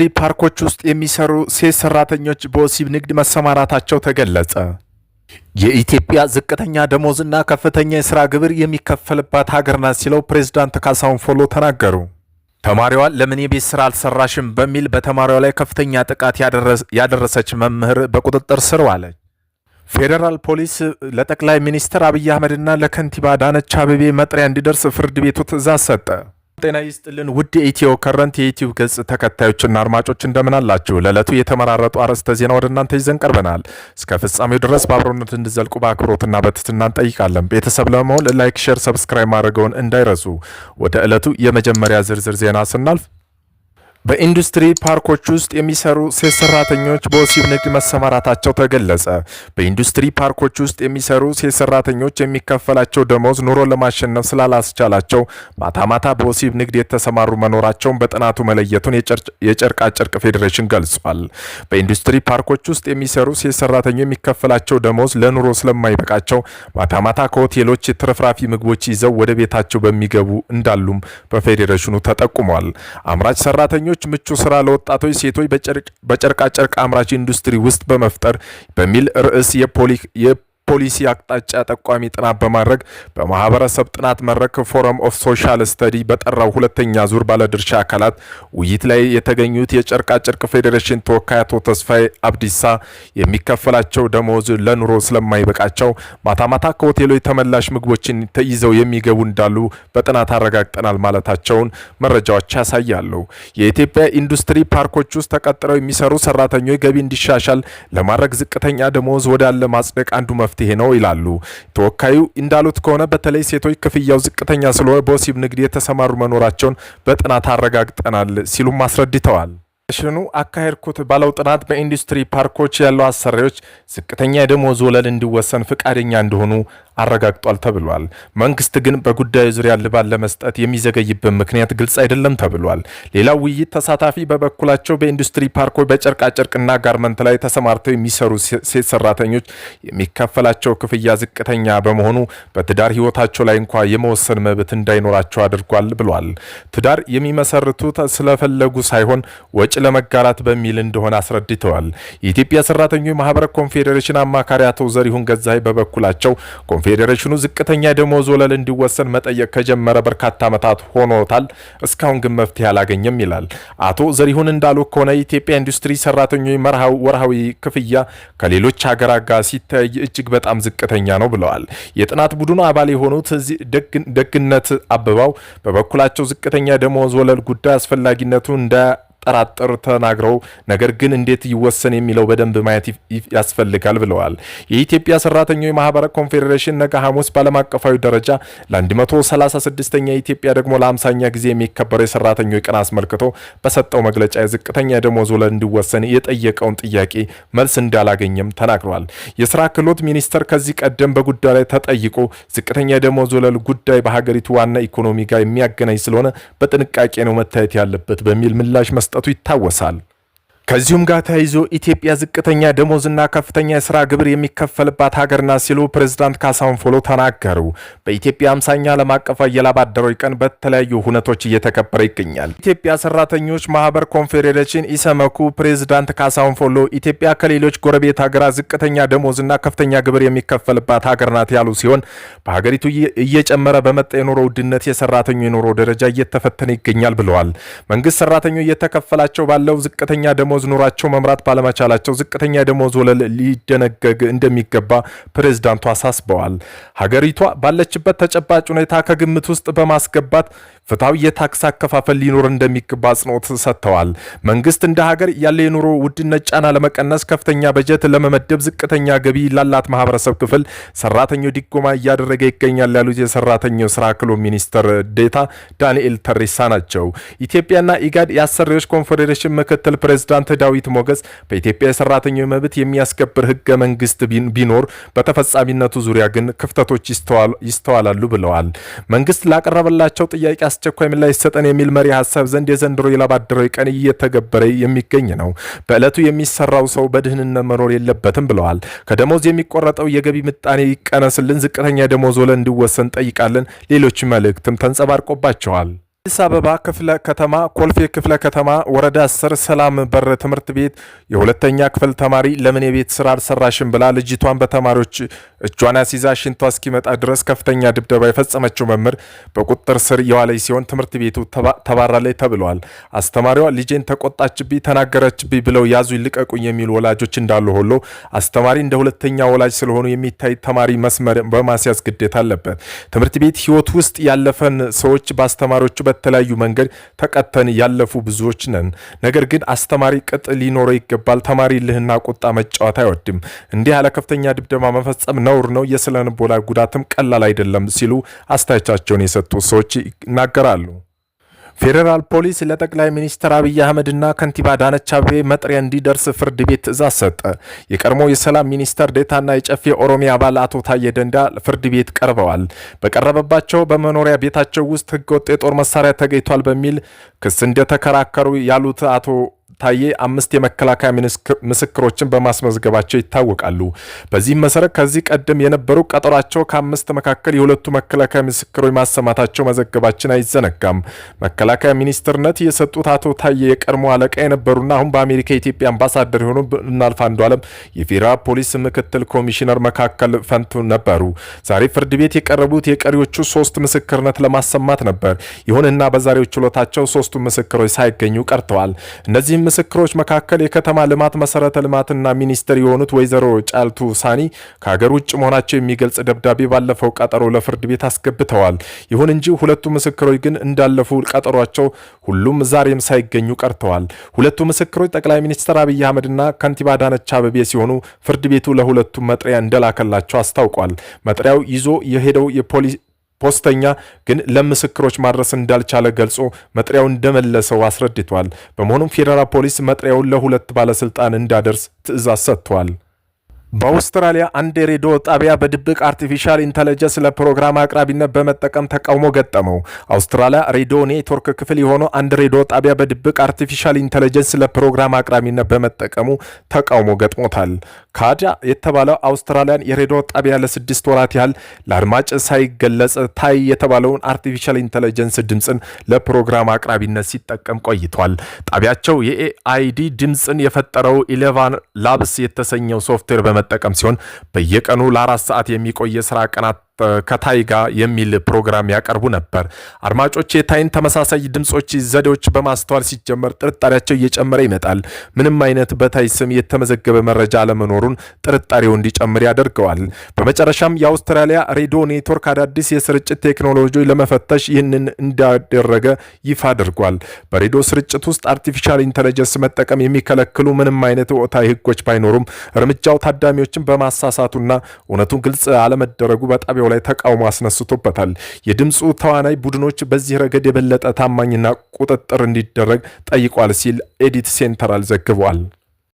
ኢንዱስትሪ ፓርኮች ውስጥ የሚሰሩ ሴት ሰራተኞች በወሲብ ንግድ መሰማራታቸው ተገለጸ። የኢትዮጵያ ዝቅተኛ ደሞዝና ከፍተኛ የሥራ ግብር የሚከፈልባት ሀገር ናት ሲለው ፕሬዝዳንት ካሳሁን ፎሎ ተናገሩ። ተማሪዋ ለምን የቤት ስራ አልሰራሽም በሚል በተማሪዋ ላይ ከፍተኛ ጥቃት ያደረሰች መምህር በቁጥጥር ስር ዋለች። ፌዴራል ፖሊስ ለጠቅላይ ሚኒስትር አብይ አህመድና ለከንቲባ ዳነች አበቤ መጥሪያ እንዲደርስ ፍርድ ቤቱ ትዕዛዝ ሰጠ። ጤና ይስጥልን ውድ ኢትዮ ከረንት የዩቲዩብ ገጽ ተከታዮችና አድማጮች እንደምን አላችሁ? ለዕለቱ የተመራረጡ አርዕስተ ዜና ወደ እናንተ ይዘን ቀርበናል። እስከ ፍጻሜው ድረስ በአብሮነት እንዲዘልቁ በአክብሮትና በትትና እንጠይቃለን። ቤተሰብ ለመሆን ላይክ፣ ሼር፣ ሰብስክራይብ ማድረገውን እንዳይረሱ። ወደ ዕለቱ የመጀመሪያ ዝርዝር ዜና ስናልፍ በኢንዱስትሪ ፓርኮች ውስጥ የሚሰሩ ሴት ሰራተኞች በወሲብ ንግድ መሰማራታቸው ተገለጸ። በኢንዱስትሪ ፓርኮች ውስጥ የሚሰሩ ሴት ሰራተኞች የሚከፈላቸው ደሞዝ ኑሮ ለማሸነፍ ስላላስቻላቸው ማታ ማታ በወሲብ ንግድ የተሰማሩ መኖራቸውን በጥናቱ መለየቱን የጨርቃጨርቅ ፌዴሬሽን ገልጿል። በኢንዱስትሪ ፓርኮች ውስጥ የሚሰሩ ሴት ሰራተኞች የሚከፈላቸው ደሞዝ ለኑሮ ስለማይበቃቸው ማታ ማታ ከሆቴሎች የተረፍራፊ ምግቦች ይዘው ወደ ቤታቸው በሚገቡ እንዳሉም በፌዴሬሽኑ ተጠቁሟል። አምራች ሰራተኞች ሰራተኞች ምቹ ስራ ለወጣቶች ሴቶች በጨርቃጨርቅ አምራች ኢንዱስትሪ ውስጥ በመፍጠር በሚል ርዕስ የፖሊ ፖሊሲ አቅጣጫ ጠቋሚ ጥናት በማድረግ በማህበረሰብ ጥናት መድረክ ፎረም ኦፍ ሶሻል ስተዲ በጠራው ሁለተኛ ዙር ባለድርሻ አካላት ውይይት ላይ የተገኙት የጨርቃጨርቅ ፌዴሬሽን ተወካይ አቶ ተስፋዬ አብዲሳ የሚከፈላቸው ደሞዝ ለኑሮ ስለማይበቃቸው ማታ ማታ ከሆቴሎች ተመላሽ ምግቦችን ተይዘው የሚገቡ እንዳሉ በጥናት አረጋግጠናል ማለታቸውን መረጃዎች ያሳያሉ። የኢትዮጵያ ኢንዱስትሪ ፓርኮች ውስጥ ተቀጥረው የሚሰሩ ሰራተኞች ገቢ እንዲሻሻል ለማድረግ ዝቅተኛ ደሞዝ ወዳለ ማጽደቅ አንዱ መፍትሄ መፍትሄ ነው ይላሉ። ተወካዩ እንዳሉት ከሆነ በተለይ ሴቶች ክፍያው ዝቅተኛ ስለሆነ በወሲብ ንግድ የተሰማሩ መኖራቸውን በጥናት አረጋግጠናል ሲሉም አስረድተዋል። ሽኑ አካሄድኩት ባለው ጥናት በኢንዱስትሪ ፓርኮች ያለው አሰሪዎች ዝቅተኛ የደሞዝ ወለል እንዲወሰን ፈቃደኛ እንደሆኑ አረጋግጧል ተብሏል። መንግስት ግን በጉዳዩ ዙሪያ ልባን ለመስጠት የሚዘገይበት ምክንያት ግልጽ አይደለም ተብሏል። ሌላው ውይይት ተሳታፊ በበኩላቸው በኢንዱስትሪ ፓርኮች በጨርቃጨርቅና ጋርመንት ላይ ተሰማርተው የሚሰሩ ሴት ሰራተኞች የሚከፈላቸው ክፍያ ዝቅተኛ በመሆኑ በትዳር ህይወታቸው ላይ እንኳ የመወሰን መብት እንዳይኖራቸው አድርጓል ብሏል። ትዳር የሚመሰርቱት ስለፈለጉ ሳይሆን ወጪ ለመጋራት በሚል እንደሆነ አስረድተዋል። የኢትዮጵያ ሰራተኞች ማህበረ ኮንፌዴሬሽን አማካሪ አቶ ዘሪሁን ገዛይ በበኩላቸው ፌዴሬሽኑ ዝቅተኛ ደሞዝ ወለል እንዲወሰን መጠየቅ ከጀመረ በርካታ ዓመታት ሆኖታል። እስካሁን ግን መፍትሄ አላገኘም ይላል አቶ ዘሪሁን። እንዳሉ ከሆነ የኢትዮጵያ ኢንዱስትሪ ሰራተኞች ወርሃዊ ክፍያ ከሌሎች ሀገራት ጋር ሲታይ እጅግ በጣም ዝቅተኛ ነው ብለዋል። የጥናት ቡድኑ አባል የሆኑት ደግነት አበባው በበኩላቸው ዝቅተኛ ደሞዝ ወለል ጉዳይ አስፈላጊነቱ እንደ እንደማያጠራጥር ተናግረው ነገር ግን እንዴት ይወሰን የሚለው በደንብ ማየት ያስፈልጋል ብለዋል። የኢትዮጵያ ሰራተኞች ማህበረ ኮንፌዴሬሽን ነገ ሐሙስ በዓለም አቀፋዊ ደረጃ ለ136ኛ ኢትዮጵያ ደግሞ ለ50ኛ ጊዜ የሚከበረው የሰራተኞች ቀን አስመልክቶ በሰጠው መግለጫ የዝቅተኛ ደሞዝ ወለል እንዲወሰን የጠየቀውን ጥያቄ መልስ እንዳላገኘም ተናግረዋል። የስራ ክህሎት ሚኒስቴር ከዚህ ቀደም በጉዳዩ ላይ ተጠይቆ ዝቅተኛ ደሞዝ ወለል ጉዳይ በሀገሪቱ ዋና ኢኮኖሚ ጋር የሚያገናኝ ስለሆነ በጥንቃቄ ነው መታየት ያለበት በሚል ምላሽ መስ መስጠቱ ይታወሳል። ከዚሁም ጋር ተያይዞ ኢትዮጵያ ዝቅተኛ ደሞዝና ከፍተኛ የስራ ግብር የሚከፈልባት ሀገር ናት ሲሉ ፕሬዚዳንት ካሳሁን ፎሎ ተናገሩ። በኢትዮጵያ አምሳኛ ዓለም አቀፍ የላብ አደሮች ቀን በተለያዩ ሁነቶች እየተከበረ ይገኛል። ኢትዮጵያ ሰራተኞች ማህበር ኮንፌዴሬሽን ኢሰመኩ ፕሬዚዳንት ካሳሁን ፎሎ ኢትዮጵያ ከሌሎች ጎረቤት ሀገራት ዝቅተኛ ደሞዝና ከፍተኛ ግብር የሚከፈልባት ሀገር ናት ያሉ ሲሆን በሀገሪቱ እየጨመረ በመጣ የኑሮ ውድነት የሰራተኞ የኑሮ ደረጃ እየተፈተነ ይገኛል ብለዋል። መንግስት ሰራተኞች እየተከፈላቸው ባለው ዝቅተኛ ደሞዝ ደሞዝ ኖሯቸው መምራት ባለመቻላቸው ዝቅተኛ ደሞዝ ወለል ሊደነገግ እንደሚገባ ፕሬዝዳንቱ አሳስበዋል። ሀገሪቷ ባለችበት ተጨባጭ ሁኔታ ከግምት ውስጥ በማስገባት ፍትሐዊ የታክስ አከፋፈል ሊኖር እንደሚገባ አጽንኦት ሰጥተዋል። መንግስት እንደ ሀገር ያለ የኑሮ ውድነት ጫና ለመቀነስ ከፍተኛ በጀት ለመመደብ ዝቅተኛ ገቢ ላላት ማህበረሰብ ክፍል ሰራተኛው ድጎማ እያደረገ ይገኛል ያሉት የሰራተኛው ስራ ክሎ ሚኒስትር ዴታ ዳንኤል ተሪሳ ናቸው። ኢትዮጵያና ኢጋድ የአሰሪዎች ኮንፌዴሬሽን ምክትል ፕሬዝዳንት ፕሬዝዳንት ዳዊት ሞገስ በኢትዮጵያ የሰራተኞች መብት የሚያስከብር ህገ መንግስት ቢኖር በተፈጻሚነቱ ዙሪያ ግን ክፍተቶች ይስተዋላሉ ብለዋል። መንግስት ላቀረበላቸው ጥያቄ አስቸኳይ ምላሽ ይሰጠን የሚል መሪ ሀሳብ ዘንድ የዘንድሮ የላባደረው ቀን እየተገበረ የሚገኝ ነው። በዕለቱ የሚሰራው ሰው በድህንነት መኖር የለበትም ብለዋል። ከደሞዝ የሚቆረጠው የገቢ ምጣኔ ይቀነስልን፣ ዝቅተኛ ደሞዝ ወለል እንዲወሰን ጠይቃለን። ሌሎች መልእክትም ተንጸባርቆባቸዋል። አዲስ አበባ ክፍለ ከተማ ኮልፌ ክፍለ ከተማ ወረዳ አስር ሰላም በር ትምህርት ቤት የሁለተኛ ክፍል ተማሪ ለምን የቤት ስራ አልሰራሽም ብላ ልጅቷን በተማሪዎች እጇን አስይዛ ሽንቷ እስኪመጣ ድረስ ከፍተኛ ድብደባ የፈጸመችው መምህር በቁጥጥር ስር የዋለች ሲሆን ትምህርት ቤቱ ተባራለች ተብሏል። አስተማሪዋ ልጄን ተቆጣችብኝ፣ ተናገረችብኝ ብለው ያዙኝ ልቀቁኝ የሚሉ ወላጆች እንዳሉ ሆሎ አስተማሪ እንደ ሁለተኛ ወላጅ ስለሆኑ የሚታይ ተማሪ መስመር በማስያዝ ግዴታ አለበት። ትምህርት ቤት ህይወት ውስጥ ያለፈን ሰዎች በአስተማሪዎቹ በተለያዩ መንገድ ተቀተን ያለፉ ብዙዎች ነን። ነገር ግን አስተማሪ ቅጥ ሊኖረው ይገባል። ተማሪ ልህና ቁጣ መጫወት አይወድም። እንዲህ ያለ ከፍተኛ ድብደባ መፈጸም ነውር ነው። የስነ ልቦና ጉዳትም ቀላል አይደለም ሲሉ አስተያየታቸውን የሰጡ ሰዎች ይናገራሉ። ፌዴራል ፖሊስ ለጠቅላይ ሚኒስትር አብይ አህመድና ከንቲባ አዳነች አቤቤ መጥሪያ እንዲደርስ ፍርድ ቤት ትእዛዝ ሰጠ። የቀድሞ የሰላም ሚኒስተር ዴታና የጨፌ ኦሮሚያ አባል አቶ ታዬ ደንዳ ፍርድ ቤት ቀርበዋል። በቀረበባቸው በመኖሪያ ቤታቸው ውስጥ ህገወጥ የጦር መሳሪያ ተገኝቷል በሚል ክስ እንደተከራከሩ ያሉት አቶ ታዬ አምስት የመከላከያ ምስክሮችን በማስመዝገባቸው ይታወቃሉ። በዚህም መሰረት ከዚህ ቀደም የነበሩ ቀጠሯቸው ከአምስት መካከል የሁለቱ መከላከያ ምስክሮች ማሰማታቸው መዘገባችን አይዘነጋም። መከላከያ ሚኒስትርነት የሰጡት አቶ ታዬ የቀድሞ አለቃ የነበሩና አሁን በአሜሪካ የኢትዮጵያ አምባሳደር የሆኑ ብናልፍ አንዱ አለም የፌዴራል ፖሊስ ምክትል ኮሚሽነር መካከል ፈንቱ ነበሩ። ዛሬ ፍርድ ቤት የቀረቡት የቀሪዎቹ ሶስት ምስክርነት ለማሰማት ነበር። ይሁንና በዛሬው ችሎታቸው ሶስቱ ምስክሮች ሳይገኙ ቀርተዋል። እነዚህ ከእነዚህም ምስክሮች መካከል የከተማ ልማት መሰረተ ልማትና ሚኒስትር የሆኑት ወይዘሮ ጫልቱ ሳኒ ከሀገር ውጭ መሆናቸው የሚገልጽ ደብዳቤ ባለፈው ቀጠሮ ለፍርድ ቤት አስገብተዋል። ይሁን እንጂ ሁለቱ ምስክሮች ግን እንዳለፉ ቀጠሯቸው ሁሉም ዛሬም ሳይገኙ ቀርተዋል። ሁለቱ ምስክሮች ጠቅላይ ሚኒስትር አብይ አህመድና ከንቲባ አዳነች አበቤ ሲሆኑ ፍርድ ቤቱ ለሁለቱም መጥሪያ እንደላከላቸው አስታውቋል። መጥሪያው ይዞ የሄደው የፖሊስ ፖስተኛ ግን ለምስክሮች ማድረስ እንዳልቻለ ገልጾ መጥሪያውን እንደመለሰው አስረድቷል። በመሆኑም ፌዴራል ፖሊስ መጥሪያውን ለሁለት ባለስልጣን እንዳደርስ ትዕዛዝ ሰጥቷል። በአውስትራሊያ አንድ የሬዲዮ ጣቢያ በድብቅ አርቲፊሻል ኢንተለጀንስ ለፕሮግራም አቅራቢነት በመጠቀም ተቃውሞ ገጠመው። አውስትራሊያ ሬዲዮ ኔትወርክ ክፍል የሆነው አንድ ሬዲዮ ጣቢያ በድብቅ አርቲፊሻል ኢንተለጀንስ ለፕሮግራም አቅራቢነት በመጠቀሙ ተቃውሞ ገጥሞታል። ካዳ የተባለው አውስትራሊያን የሬዲዮ ጣቢያ ለስድስት ወራት ያህል ለአድማጭ ሳይገለጽ ታይ የተባለውን አርቲፊሻል ኢንተለጀንስ ድምፅን ለፕሮግራም አቅራቢነት ሲጠቀም ቆይቷል። ጣቢያቸው የኤአይዲ ድምፅን የፈጠረው ኢሌቫን ላብስ የተሰኘው ሶፍትዌር መጠቀም ሲሆን በየቀኑ ለአራት ሰዓት የሚቆይ የስራ ቀናት ከታይ ጋር የሚል ፕሮግራም ያቀርቡ ነበር። አድማጮች የታይን ተመሳሳይ ድምፆች ዘዴዎች በማስተዋል ሲጀመር ጥርጣሬያቸው እየጨመረ ይመጣል። ምንም አይነት በታይ ስም የተመዘገበ መረጃ አለመኖሩን ጥርጣሬው እንዲጨምር ያደርገዋል። በመጨረሻም የአውስትራሊያ ሬዲዮ ኔትወርክ አዳዲስ የስርጭት ቴክኖሎጂ ለመፈተሽ ይህንን እንዳደረገ ይፋ አድርጓል። በሬዲዮ ስርጭት ውስጥ አርቲፊሻል ኢንተለጀንስ መጠቀም የሚከለክሉ ምንም አይነት ወቅታዊ ህጎች ባይኖሩም እርምጃው ታዳሚዎችን በማሳሳቱና እውነቱን ግልጽ አለመደረጉ በጣቢያው ላይ ተቃውሞ አስነስቶበታል። የድምፁ ተዋናይ ቡድኖች በዚህ ረገድ የበለጠ ታማኝና ቁጥጥር እንዲደረግ ጠይቋል ሲል ኤዲት ሴንተራል ዘግቧል።